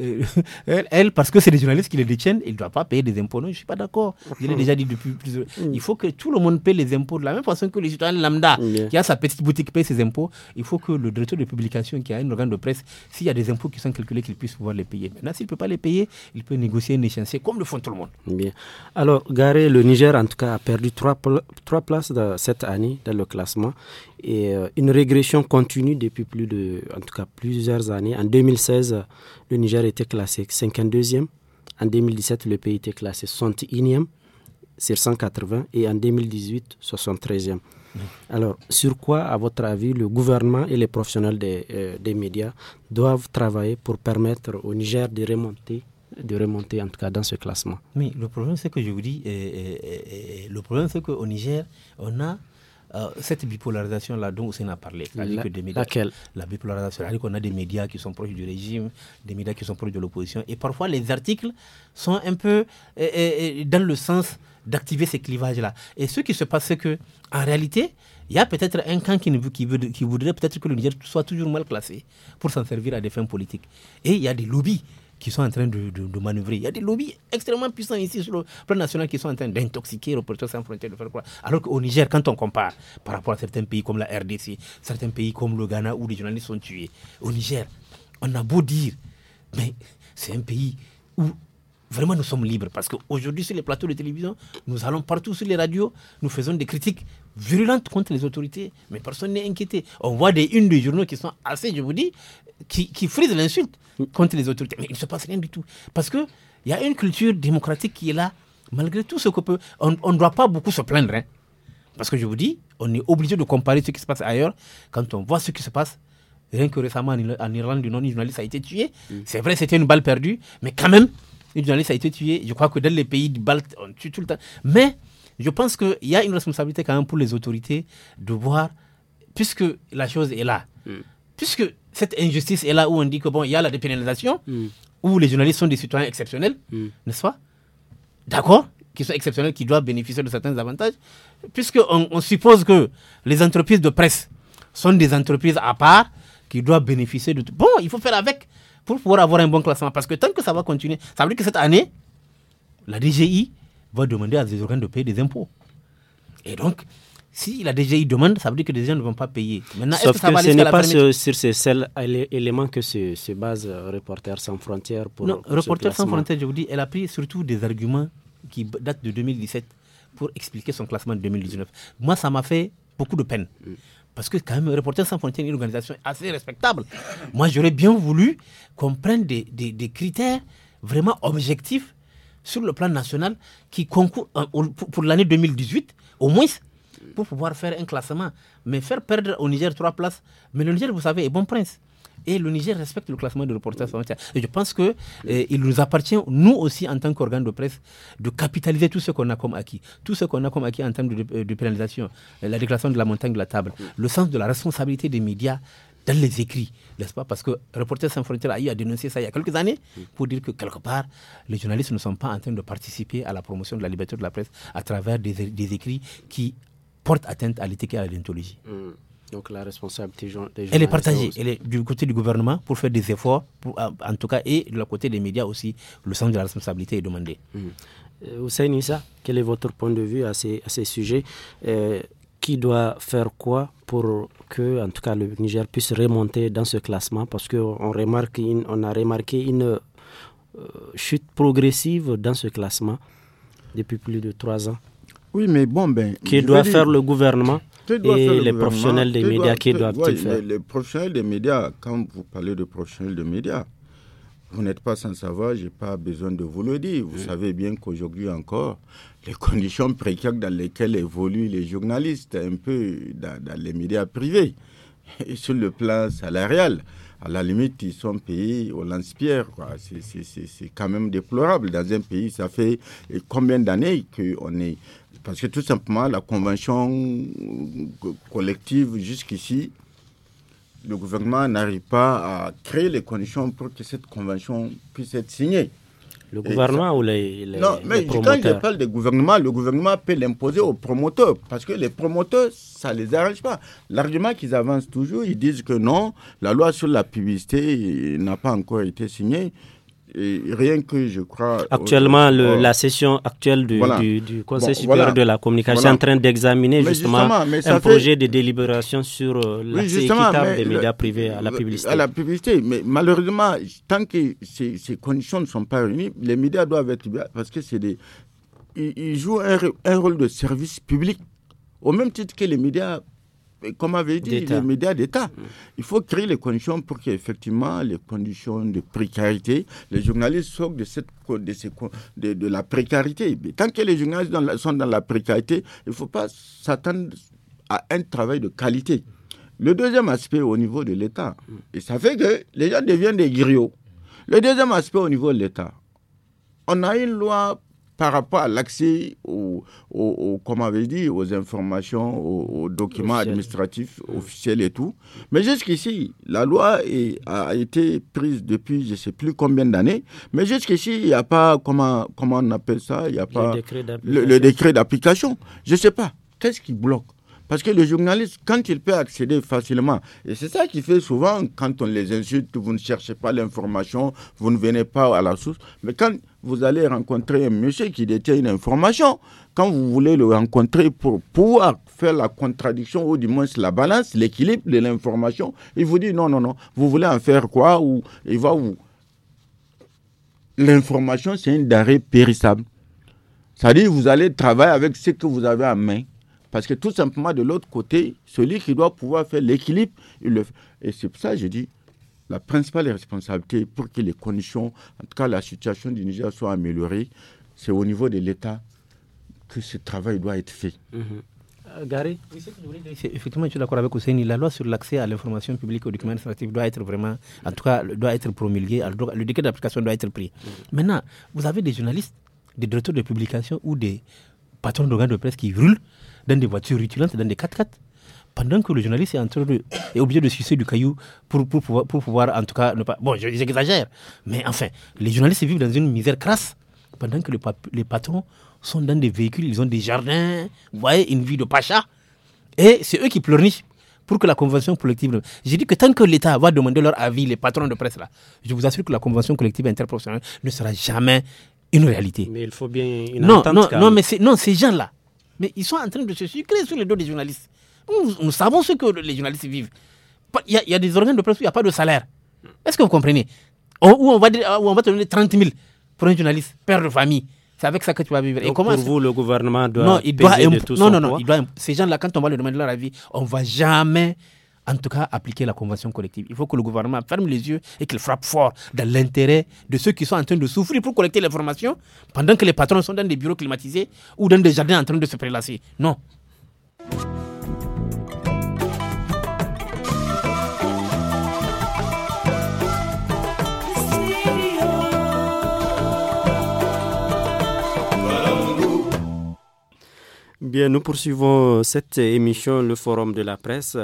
euh, elle, parce que c'est les journalistes qui les détiennent, il ne doit pas payer des impôts. Non, je ne suis pas d'accord. Je l'ai déjà dit depuis plusieurs. Mm. Il faut que tout le monde paye les impôts de la même façon que les citoyens lambda mm, qui a sa petite boutique paye ses impôts. Il faut que le directeur de publication qui a un organe de presse, s'il y a des impôts qui sont calculés, qu'il puisse pouvoir les payer. Maintenant, s'il ne peut pas les payer, il peut négocier négocier, échéancier comme le font tout le monde. Mm, bien. Alors, Garé, le Niger, en tout cas, a perdu trois, trois places cette année dans le classement et euh, une régression continue depuis plus de, en tout cas plusieurs années. En 2016, le Niger était classé 52e. En 2017, le pays était classé 61e sur 180 et en 2018, 73e. Alors, sur quoi, à votre avis, le gouvernement et les professionnels des, euh, des médias doivent travailler pour permettre au Niger de remonter de remonter en tout cas dans ce classement. mais le problème c'est que je vous dis, le problème c'est qu'au Niger, on a euh, cette bipolarisation-là dont on a parlé, la, que La bipolarisation, cest qu'on a des médias qui sont proches du régime, des médias qui sont proches de l'opposition, et parfois les articles sont un peu euh, euh, dans le sens d'activer ces clivages-là. Et ce qui se passe, c'est que, en réalité, il y a peut-être un camp qui, qui, qui voudrait peut-être que le Niger soit toujours mal classé pour s'en servir à des fins politiques. Et il y a des lobbies qui sont en train de, de, manœuvrer. Il y a des lobbies extrêmement puissants ici sur le plan national qui sont en train d'intoxiquer Reporters sans frontières, de faire croire Alors qu'au Niger, quand on compare par rapport à certains pays comme la RDC, certains pays comme le Ghana où les journalistes sont tués, au Niger, on a beau dire, mais c'est un pays où vraiment nous sommes libres. Parce qu'aujourd'hui, sur les plateaux de télévision, nous allons partout sur les radios, nous faisons des critiques virulentes contre les autorités, mais personne n'est inquiété. On voit des unes de journaux qui sont assez, je vous dis, qui, qui frisent l'insulte contre les autorités. Mais il ne se passe rien du tout. Parce qu'il y a une culture démocratique qui est là, malgré tout ce qu'on peut. On ne doit pas beaucoup se plaindre. Hein. Parce que je vous dis, on est obligé de comparer ce qui se passe ailleurs quand on voit ce qui se passe rien que récemment en Irlande, une non-journaliste a été tué. Mm. C'est vrai, c'était une balle perdue, mais quand même, une journaliste a été tuée. Je crois que dans les pays du Balte, on tue tout le temps. Mais je pense qu'il y a une responsabilité quand même pour les autorités de voir, puisque la chose est là, mm. puisque cette injustice est là où on dit que bon, il y a la dépénalisation, mm. où les journalistes sont des citoyens exceptionnels, mm. n'est-ce pas D'accord Qui sont exceptionnels, qui doivent bénéficier de certains avantages, Puisqu'on on, suppose que les entreprises de presse sont des entreprises à part qui doivent bénéficier de tout. Bon, il faut faire avec pour pouvoir avoir un bon classement. Parce que tant que ça va continuer, ça veut dire que cette année, la DGI va demander à des organes de payer des impôts. Et donc, si la DGI demande, ça veut dire que des gens ne vont pas payer. Maintenant, Sauf que, ça va ce n'est pas sur ces seuls éléments que se, base euh, Reporters sans frontières pour. Non, reporter sans frontières, je vous dis, elle a pris surtout des arguments qui datent de 2017 pour expliquer son classement de 2019. Moi, ça m'a fait beaucoup de peine. Mm. Parce que quand même, reporter sans frontières est une organisation assez respectable. Moi, j'aurais bien voulu qu'on prenne des, des, critères vraiment objectifs sur le plan national qui concourent pour, l'année 2018, au moins, pour pouvoir faire un classement. Mais faire perdre au Niger trois places, mais le Niger, vous savez, est bon prince. Et le Niger respecte le classement de Reporters sans frontières. Et je pense qu'il eh, nous appartient, nous aussi, en tant qu'organes de presse, de capitaliser tout ce qu'on a comme acquis. Tout ce qu'on a comme acquis en termes de, pénalisation, eh, la déclaration de la montagne de la table, le sens de la responsabilité des médias dans les écrits, n'est-ce pas Parce que Reporters sans frontières a eu à dénoncer ça il y a quelques années pour dire que quelque part, les journalistes ne sont pas en train de participer à la promotion de la liberté de la presse à travers des, écrits qui portent atteinte à l'éthique et à l'identologie. Donc la responsabilité des Elle est partagée. Elle est du côté du gouvernement pour faire des efforts, pour, en tout cas, et de la côté des médias aussi, le sens de la responsabilité est demandé. Mm. Hussein euh, mmh. quel est votre point de vue à ces, à sujets euh, Qui doit faire quoi pour que, en tout cas, le Niger puisse remonter dans ce classement Parce qu'on remarque, on a remarqué une euh, chute progressive dans ce classement depuis plus de trois ans. Oui, mais bon, ben. Qui doit faire le gouvernement et les professionnels des médias, qui doivent le faire Les professionnels des médias, quand vous parlez de professionnels des médias, vous n'êtes pas sans savoir, je n'ai pas besoin de vous le dire. Vous savez bien qu'aujourd'hui encore, les conditions précaires dans lesquelles évoluent les journalistes, un peu dans, les médias privés, sur le plan salarial, à la limite, ils sont payés au lance-pierre. C'est quand même déplorable. Dans un pays, ça fait combien d'années qu'on est parce que tout simplement, la convention euh, collective jusqu'ici, le gouvernement n'arrive pas à créer les conditions pour que cette convention puisse être signée. Le gouvernement ou les, les, Non, mais quand je parle de gouvernement, le gouvernement peut l'imposer aux promoteurs parce que les promoteurs, ça ne les arrange pas. L'argument qu'ils avancent toujours, ils disent que non, la loi sur la publicité n'a pas encore été signée. Et rien que je crois. Euh, Actuellement, oh. la session actuelle du, Conseil supérieur de la communication est en train d'examiner justement, un projet de délibération sur euh, l'accès des médias privés à la publicité. mais malheureusement, tant que ces, conditions ne sont pas réunies, les médias doivent être parce que c'est des, jouent un, un rôle de service public au même titre que les médias comme avait dit, les médias d'État. Mm. Il faut créer les conditions pour qu'effectivement les conditions de précarité, les journalistes sortent de, cette, de, de, la précarité. tant que les journalistes sont dans la précarité, il ne faut pas s'attendre à un travail de qualité. Le deuxième aspect au niveau de l'État, mm. et ça fait que les gens deviennent des griots. Le deuxième aspect au niveau de l'État, on a une loi par rapport à l'accès aux, dit, aux informations, aux, documents administratifs officiels et tout. Mais jusqu'ici, la loi a été prise depuis je ne sais plus combien d'années, mais jusqu'ici, il n'y a pas, comment, comment on appelle ça, il a pas le décret d'application. Je ne sais pas. Qu'est-ce qui bloque parce que le journaliste, quand il peut accéder facilement, et c'est ça qui fait souvent, quand on les insulte, vous ne cherchez pas l'information, vous ne venez pas à la source, mais quand vous allez rencontrer un monsieur qui détient une information, quand vous voulez le rencontrer pour pouvoir faire la contradiction ou du moins la balance, l'équilibre de l'information, il vous dit non, non, non, vous voulez en faire quoi ou il va où L'information, c'est une darée périssable. C'est-à-dire, vous allez travailler avec ce que vous avez en main. Parce que tout simplement, de l'autre côté, celui qui doit pouvoir faire l'équilibre, il le fait. Et c'est pour ça que je dis, la principale responsabilité pour que les conditions, en tout cas la situation du Niger soit améliorée, c'est au niveau de l'État que ce travail doit être fait. Euh, Gary, Effectivement, je suis d'accord avec Ousseini. La loi sur l'accès à l'information publique aux documents administratifs doit être vraiment, en tout cas, doit être promulguée. Le décret d'application doit être pris. Mm. Maintenant, vous avez des journalistes, des directeurs de publication ou des patrons d'organes de presse qui roulent dans des voitures rutilantes, dans des 4x4, pendant que le journaliste est, en train de, est obligé de sucer du caillou pour, pour, pouvoir, pour pouvoir, en tout cas, ne pas. Bon, j'exagère, mais enfin, les journalistes vivent dans une misère crasse pendant que les patrons sont dans des véhicules, ils ont des jardins, vous voyez, une vie de pacha. Et c'est eux qui pleurnichent pour que la convention collective. J'ai dit que tant que l'État va demander leur avis, les patrons de presse là, je vous assure que la convention collective interprofessionnelle ne sera jamais une réalité. Mais il faut bien une non, Non, non, mais non, ces gens là, mais ils sont en train de se sucrer sur les dos des journalistes. Nous, nous savons ce que les journalistes vivent. Il y, a, des organes de presse où il n'y a pas de salaire. Est-ce que vous comprenez où on, va te donner 30 000 pour un journaliste, père de famille. C'est avec ça que tu vas vivre. Et comment pour vous, le gouvernement doit non, il doit tout non, non, non, non, Ces gens-là, quand on va leur demander leur avis, on ne va jamais en tout cas appliquer la convention collective. Il faut que le gouvernement ferme les yeux et qu'il frappe fort dans l'intérêt de ceux qui sont en train de souffrir pour collecter l'information pendant que les patrons sont dans des bureaux climatisés ou dans des jardins en train de se prélasser. Non. Bien, nous poursuivons cette émission, le forum de la presse.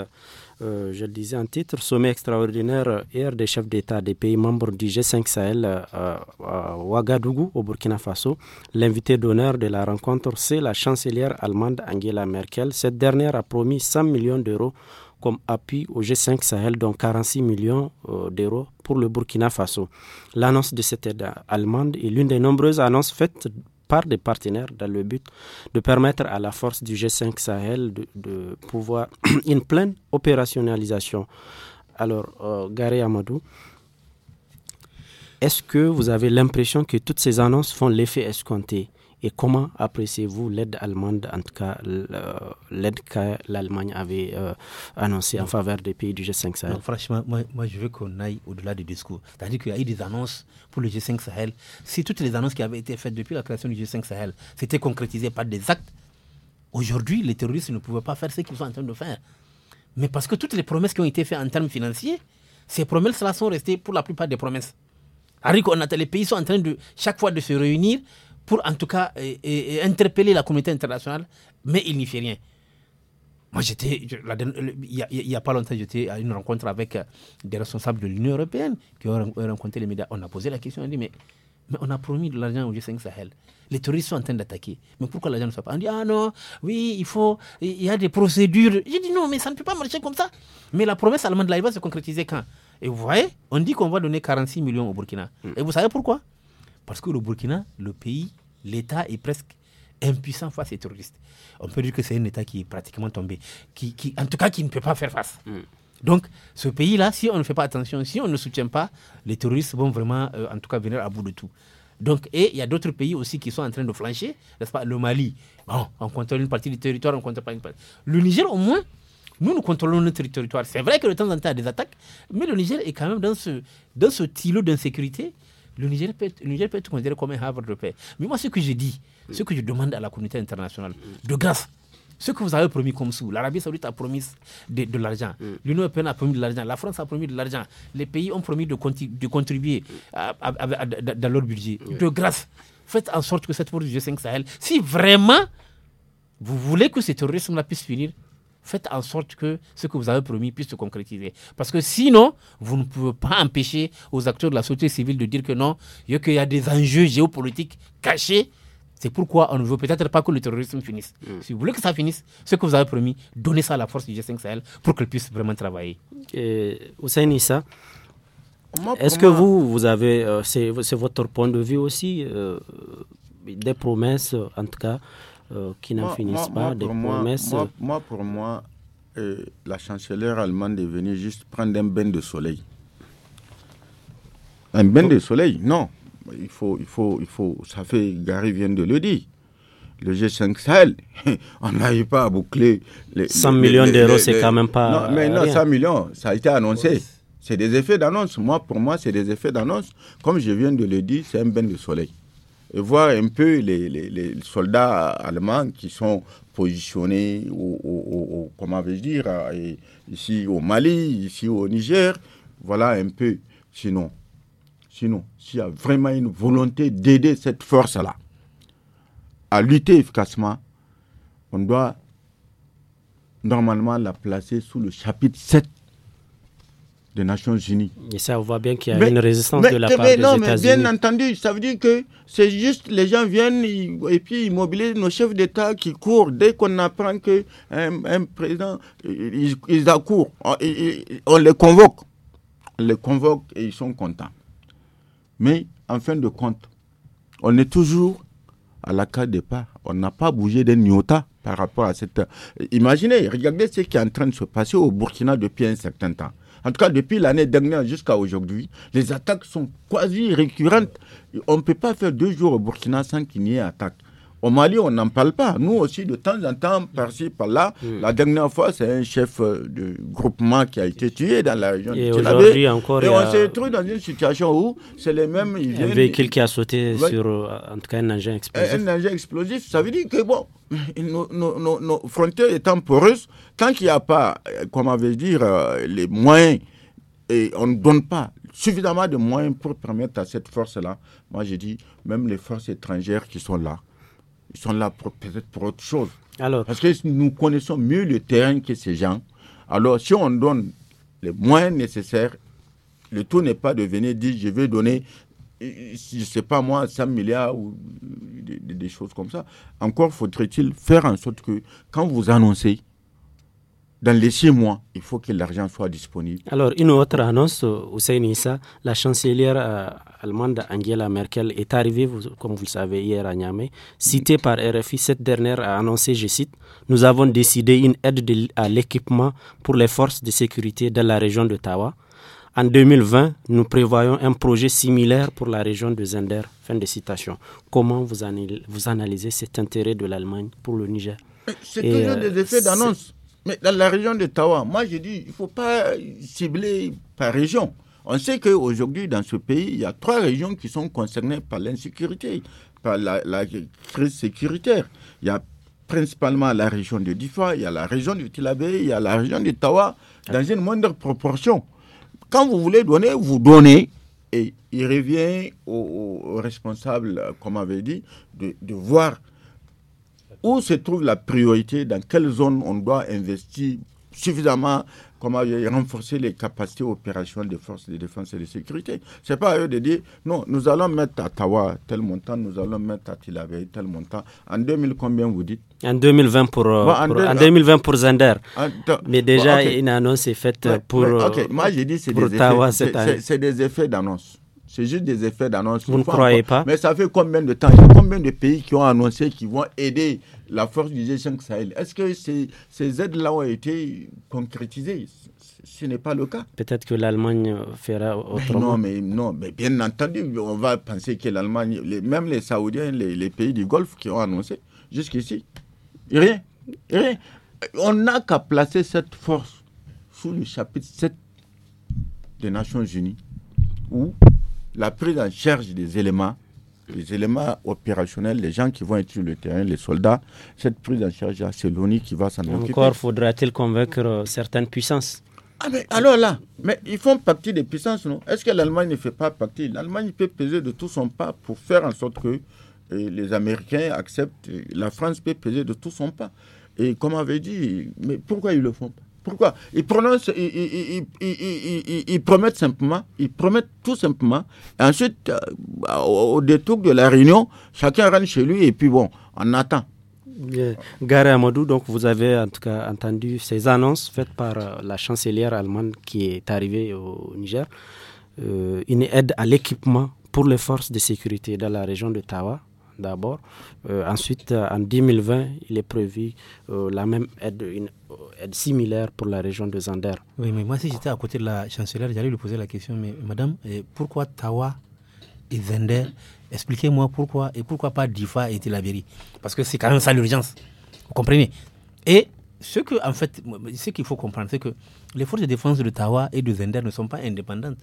Euh, je le disais en titre, sommet extraordinaire hier des chefs d'État des pays membres du G5 Sahel euh, à Ouagadougou, au Burkina Faso. L'invité d'honneur de la rencontre, c'est la chancelière allemande Angela Merkel. Cette dernière a promis 100 millions d'euros comme appui au G5 Sahel, dont 46 millions euh, d'euros pour le Burkina Faso. L'annonce de cette aide allemande est l'une des nombreuses annonces faites par des partenaires dans le but de permettre à la force du G5 Sahel de, pouvoir une pleine opérationnalisation. Alors, euh, Garé Gary Amadou, est-ce que vous avez l'impression que toutes ces annonces font l'effet escompté et comment appréciez-vous l'aide allemande, en tout cas euh, l'aide que l'Allemagne avait annoncé euh, annoncée en faveur des pays du G5 Sahel Franchement, moi, je veux qu'on aille au-delà du discours. C'est-à-dire qu'il y a eu des annonces pour le G5 Sahel. Si toutes les annonces qui avaient été faites depuis la création du G5 Sahel s'étaient concrétisées par des actes, aujourd'hui, les terroristes ne pouvaient pas faire ce qu'ils sont en train de faire. Mais parce que toutes les promesses qui ont été faites en termes financiers, ces promesses-là sont restées pour la plupart des promesses. Alors les pays sont en train de chaque fois de se réunir pour en tout cas interpeller la communauté internationale, mais il n'y fait rien. Moi, j'étais, il n'y a, pas longtemps, j'étais à une rencontre avec euh, des responsables de l'Union européenne qui ont rencontré les médias. On a posé la question, on a dit, mais, mais on a promis de l'argent au G5 Sahel. Les terroristes sont en train d'attaquer. Mais pourquoi l'argent ne soit pas On dit, ah non, oui, il faut, il y a des procédures. J'ai dit, non, mais ça ne peut pas marcher comme ça. Mais la promesse allemande de va se concrétiser quand Et vous voyez, on dit qu'on va donner 46 millions au Burkina. Mm. Et vous savez pourquoi Parce que le Burkina, le pays l'État est presque impuissant face aux terroristes. On peut dire que c'est un État qui est pratiquement tombé, qui, en tout cas qui ne peut pas faire face. Hmm. Donc, ce pays-là, si on ne fait pas attention, si on ne soutient pas, les terroristes vont vraiment, euh, en tout cas, venir à bout de tout. Donc, et il y a d'autres pays aussi qui sont en train de flancher, n'est-ce pas Le Mali, bon, on contrôle une partie du territoire, on ne contrôle pas une partie. Le Niger, au moins, nous, nous contrôlons notre territoire. C'est vrai que de temps en temps, il y a des attaques, mais le Niger est quand même dans ce, dans ce îlot d'insécurité le Niger peut être, considéré comme un havre de paix. Mais moi, ce que j'ai dit, ce que je demande à la communauté internationale, de grâce, ce que vous avez promis comme sous, l'Arabie Saoudite a promis de, l'argent, l'Union Européenne a promis de l'argent, la France a promis de l'argent, les pays ont promis de, contribuer dans leur budget. De grâce, faites en sorte que cette force du G5 Sahel, si vraiment vous voulez que ce terrorisme-là puisse finir, faites en sorte que ce que vous avez promis puisse se concrétiser. Parce que sinon, vous ne pouvez pas empêcher aux acteurs de la société civile de dire que non, il y a des enjeux géopolitiques cachés. C'est pourquoi on ne veut peut-être pas que le terrorisme finisse. Hmm. Si vous voulez que ça finisse, ce que vous avez promis, donnez ça à la force du G5 Sahel pour qu'elle puisse vraiment travailler. Hussein Issa, est-ce que vous, vous avez, euh, c'est votre point de vue aussi, euh, des promesses en tout cas, euh, qui n'en finissent pas, des promesses. Moi, pour moi, euh, la chancelière allemande est venue juste prendre un bain de soleil. Un bain de soleil, non. Il faut, il faut, il faut. Ça fait, Gary vient de le dire. Le G5 Sahel, on n'arrive pas à boucler. Les, 100 millions d'euros, c'est quand même pas. Non, mais non, 100 millions, ça a été annoncé. C'est des effets d'annonce. Moi, pour moi, c'est des effets d'annonce. Comme je viens de le dire, c'est un bain de soleil et voir un peu les, soldats allemands qui sont positionnés au, comment vais-je dire, ici au Mali, ici au Niger. Voilà un peu. Sinon, sinon, s'il y a vraiment une volonté d'aider cette force-là à lutter efficacement, on doit normalement la placer sous le chapitre 7 des Nations Unies. Et ça, on voit bien qu'il y a une résistance de la part des États-Unis. Non, mais bien entendu, ça veut dire que c'est juste les gens viennent et puis ils mobilisent nos chefs d'État qui courent dès qu'on apprend qu'un un président, ils, ils accourent, on, les convoque, on les convoque et ils sont contents. Mais en fin de compte, on est toujours à la case départ. On n'a pas bougé d'un iota par rapport à cette. Imaginez, regardez ce qui est en train de se passer au Burkina depuis un certain temps. En tout cas, depuis l'année dernière jusqu'à aujourd'hui, les attaques sont quasi récurrentes. On ne peut pas faire deux jours au Burkina sans qu'il n'y ait attaque. Au Mali, on n'en parle pas. Nous aussi, de temps en temps, par-ci, par-là. Hmm. La dernière fois, c'est un chef euh, de groupement qui a été tué dans la région et Aujourd'hui encore. Et on s'est se dans une situation où c'est les mêmes. un véhicule qui a sauté sur, euh, en tout cas, un engin explosif. Un, engin explosif, ça veut dire que, bon, nos, frontières étant poreuses, tant qu'il n'y a pas, euh, comment veux-je dire, les moyens, et on ne donne pas suffisamment de moyens pour permettre à cette force-là. Moi, j'ai dit, même les forces étrangères qui sont là, ils sont là peut-être pour autre chose. Alors, Parce que nous connaissons mieux le terrain que ces gens. Alors, si on donne les moins nécessaires, le tout n'est pas de venir dire je vais donner, je ne sais pas moi, 5 milliards ou des choses comme ça. Encore faudrait-il faire en sorte que quand vous annoncez, dans les six mois, il faut que l'argent soit disponible. Alors, une autre annonce, Hussein Issa, la chancelière euh, allemande Angela Merkel est arrivée, comme vous le savez, hier à Niamey. Citée par RFI, cette dernière a annoncé, je cite, Nous avons décidé une aide à l'équipement pour les forces de sécurité dans la région d'Ottawa. En 2020, nous prévoyons un projet similaire pour la région de Zender. Fin de citation. Comment vous, analysez cet intérêt de l'Allemagne pour le Niger C'est toujours des effets euh, d'annonce mais dans la région de Tawa, moi je dis, il ne faut pas cibler par région. On sait qu'aujourd'hui, dans ce pays, il y a trois régions qui sont concernées par l'insécurité, par la, crise sécuritaire. Il y a principalement la région de Difa, il y a la région de Tilabé, il y a la région de Tawa, dans une moindre proportion. Quand vous voulez donner, vous donnez. Et il revient aux, responsables, comme on avait dit, de, de voir où se trouve la priorité, dans quelle zone on doit investir suffisamment comment renforcer les capacités opérationnelles des forces de défense et de sécurité. Ce n'est pas à eux de dire, non, nous allons mettre à Tawa tel montant, nous allons mettre à Tilaveri tel montant. En 2000, combien vous dites En 2020 pour, euh, Zender. 2020 Mais déjà, une annonce est faite pour, Tawa cette année. C'est des effets d'annonce. C'est juste des effets d'annonce. Vous ne croyez pas Mais ça fait combien de temps Il y a combien de pays qui ont annoncé qu'ils vont aider la force du G5 Sahel Est-ce que ces, aides-là ont été concrétisées ce n'est pas le cas. Peut-être que l'Allemagne fera autrement. non, mais bien entendu, on va penser que l'Allemagne, même les Saoudiens, les, pays du Golfe qui ont annoncé jusqu'ici, rien, rien. On n'a qu'à placer cette force sous le chapitre 7 des Nations Unies, où la prise en charge des éléments, les éléments opérationnels, les gens qui vont être sur le terrain, les soldats, cette prise en charge, c'est l'ONU qui va s'en occuper. Encore faudra-t-il convaincre euh, certaines puissances ah mais alors là, mais ils font partie des puissances, non Est-ce que l'Allemagne ne fait pas partie L'Allemagne peut peser de tout son pas pour faire en sorte que euh, les Américains acceptent. Euh, la France peut peser de tout son pas. Et comme avait dit, mais pourquoi ils le font pas pourquoi Ils ils, promettent simplement, ils promettent tout simplement. ensuite, euh, au détour de la réunion, chacun rentre chez lui et puis bon, on attend. Gare Amadou, donc vous avez en tout cas entendu ces annonces faites par euh, la chancelière allemande qui est arrivée au Niger. Euh, une aide à l'équipement pour les forces de sécurité dans la région de Tawa d'abord. Euh, ensuite, euh, en 2020, il est prévu euh, la même aide, une aide similaire pour la région de Zander. Oui, mais moi, si j'étais à côté de la chancelière, j'allais lui poser la question, mais madame, pourquoi Tawa et Zender Expliquez-moi pourquoi et pourquoi pas Difa et Tilaberi Parce que c'est quand même ça l'urgence. Vous comprenez Et ce que, en fait, qu'il faut comprendre, c'est que les forces de défense de Tawa et de Zender ne sont pas indépendantes.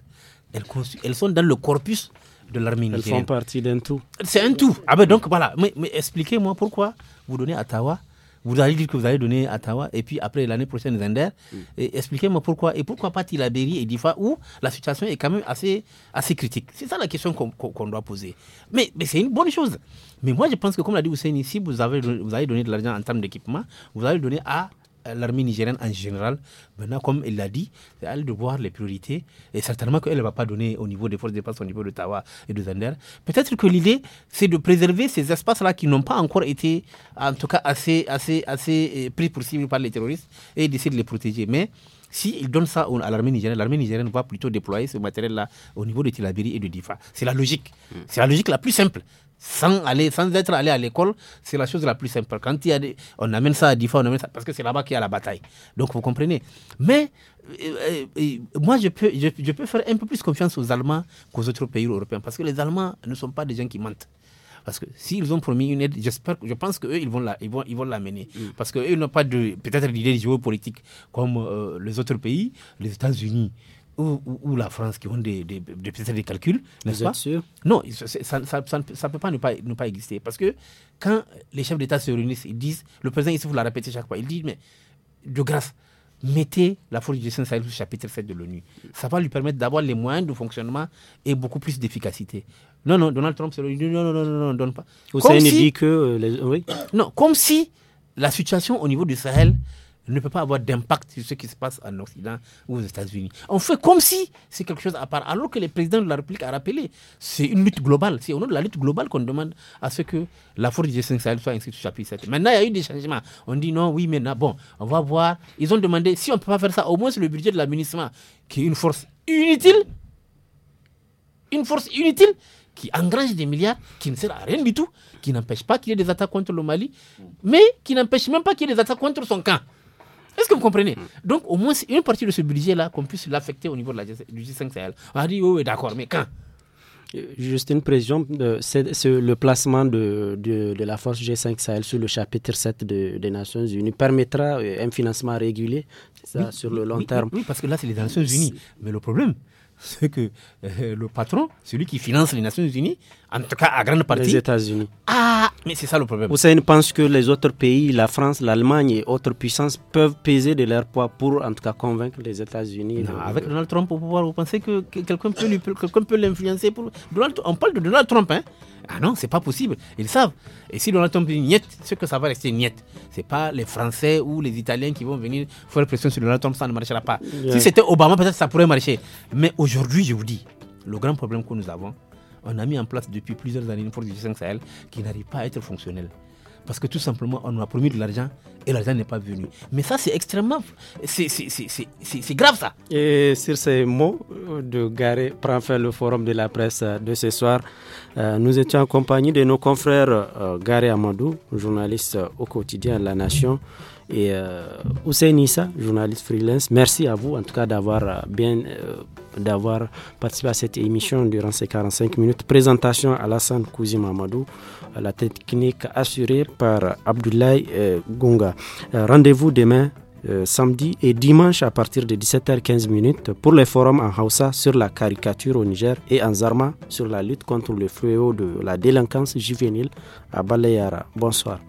elles sont dans le corpus de l'armée Elles font partie d'un tout. C'est un tout. Ah ben donc voilà. Mais, expliquez-moi pourquoi vous donnez à Tawa, Vous allez dire que vous allez donner Tawa, et puis après l'année prochaine Zender. Mm. Expliquez-moi pourquoi et pourquoi pas Tilaberi et Difa où la situation est quand même assez, assez critique. C'est ça la question qu'on doit poser. Mais, mais c'est une bonne chose. Mais moi je pense que comme l'a dit Hussein, si vous avez, vous avez donné de l'argent en termes d'équipement, vous allez donner à l'armée nigérienne en général, maintenant, comme elle l'a dit, elle de voir les priorités. Et certainement qu'elle ne va pas donner au niveau des forces de défense, au niveau de Tawa et de Zander. Peut-être que l'idée, c'est de préserver ces espaces-là qui n'ont pas encore été, en tout cas, assez, assez, assez euh, pris pour cible par les terroristes et d'essayer de les protéger. Mais s'ils donnent ça à l'armée nigérienne, l'armée nigérienne va plutôt déployer ce matériel-là au niveau de Tilabiri et de Difa. C'est la logique. Mm. C'est la logique la plus simple sans, aller, sans être allé à l'école, c'est la chose la plus simple. Quand il y a on amène ça à fois on amène ça, parce que c'est là-bas qu'il y a la bataille. Donc vous comprenez. Mais euh, euh, moi, je peux, je, peux faire un peu plus confiance aux Allemands qu'aux autres pays européens, parce que les Allemands ne sont pas des gens qui mentent. Parce que s'ils ont promis une aide, j'espère, je pense qu'eux, ils vont la, ils vont, ils vont l'amener. Mm. parce Parce qu'eux n'ont pas de, peut-être d'idée géopolitique comme euh, les autres pays, les États-Unis ou, la France qui ont des, des, calculs, n'est-ce pas sûr Non, ça, ne peut pas ne, pas exister. Parce que quand les chefs d'État se réunissent, ils disent, le président ici vous l'a répéter chaque fois, il dit, mais de grâce, mettez la force du Sahel sous chapitre 7 de l'ONU. Ça va lui permettre d'avoir les moyens de fonctionnement et beaucoup plus d'efficacité. Non, non, Donald Trump, c'est l'ONU. Non, non, non, non, non, donne pas. Hussein comme si... dit que... Euh, les... Oui. Non, comme si la situation au niveau du Sahel ne peut pas avoir d'impact sur ce qui se passe en Occident ou aux États-Unis. On fait comme si c'est quelque chose à part, alors que le président de la République a rappelé, c'est une lutte globale, c'est au nom de la lutte globale qu'on demande à ce que la force du G5 Sahel soit inscrite au chapitre 7. Maintenant, il y a eu des changements. On dit non, oui, maintenant, bon, on va voir. Ils ont demandé, si on ne peut pas faire ça, au moins sur le budget de l'administration qui est une force inutile, une force inutile qui engrange des milliards, qui ne sert à rien du tout, qui n'empêche pas qu'il y ait des attaques contre le Mali, mais qui n'empêche même pas qu'il y ait des attaques contre son camp. Est-ce que vous comprenez Donc, au moins, une partie de ce budget-là, qu'on puisse l'affecter au niveau de la, du G5 Sahel. On a dit, oui, d'accord, mais quand euh, Juste une précision, euh, c'est le placement de, la force G5 Sahel sur le chapitre 7 des Nations Unies permettra euh, un financement régulier sur le long terme. Oui, parce que là, c'est les Nations Unies. Mais le problème, c'est que euh, le patron, celui qui finance les Nations Unies, en tout cas à grande partie. Les États-Unis. Ah, mais c'est ça le problème. Hussein pense que les autres pays, la France, l'Allemagne et autres puissances, peuvent peser de leur poids pour en tout cas convaincre les États-Unis. Avec Donald Trump au pouvoir, vous pensez que quelqu'un peut, peut l'influencer pour... Donald, on parle de Donald Trump, hein ah non, c'est pas possible. Ils savent. Et si Trump dit niette, c'est que ça va rester niette. C'est pas les Français ou les Italiens qui vont venir faire pression sur Donald Trump, ça ne marchera pas. Si c'était Obama, peut-être ça pourrait marcher. Mais aujourd'hui, je vous dis, le grand problème que nous avons, on a mis en place depuis plusieurs années une force du G5 Sahel qui n'arrive pas à être fonctionnelle. Parce que tout simplement, on nous a promis de l'argent et l'argent n'est pas venu. Mais ça, c'est extrêmement. C'est grave, ça. Et sur ces mots de Garé, prend faire le forum de la presse de ce soir. Euh, nous étions en compagnie de nos confrères euh, Amadou, journaliste au quotidien La Nation, et Hussein euh, Issa, journaliste freelance. Merci à vous, en tout cas, d'avoir bien d'avoir participé à cette émission durant ces 45 minutes. Présentation à Alassane Kouzim Mamadou, la technique assurée par Abdoulaye euh, Gonga. Euh, rendez-vous demain euh, samedi et dimanche à partir de 17h15 pour les forums en Hausa sur la caricature au Niger et en Zarma sur la lutte contre le fléau de la délinquance juvénile à Baleyara. Bonsoir.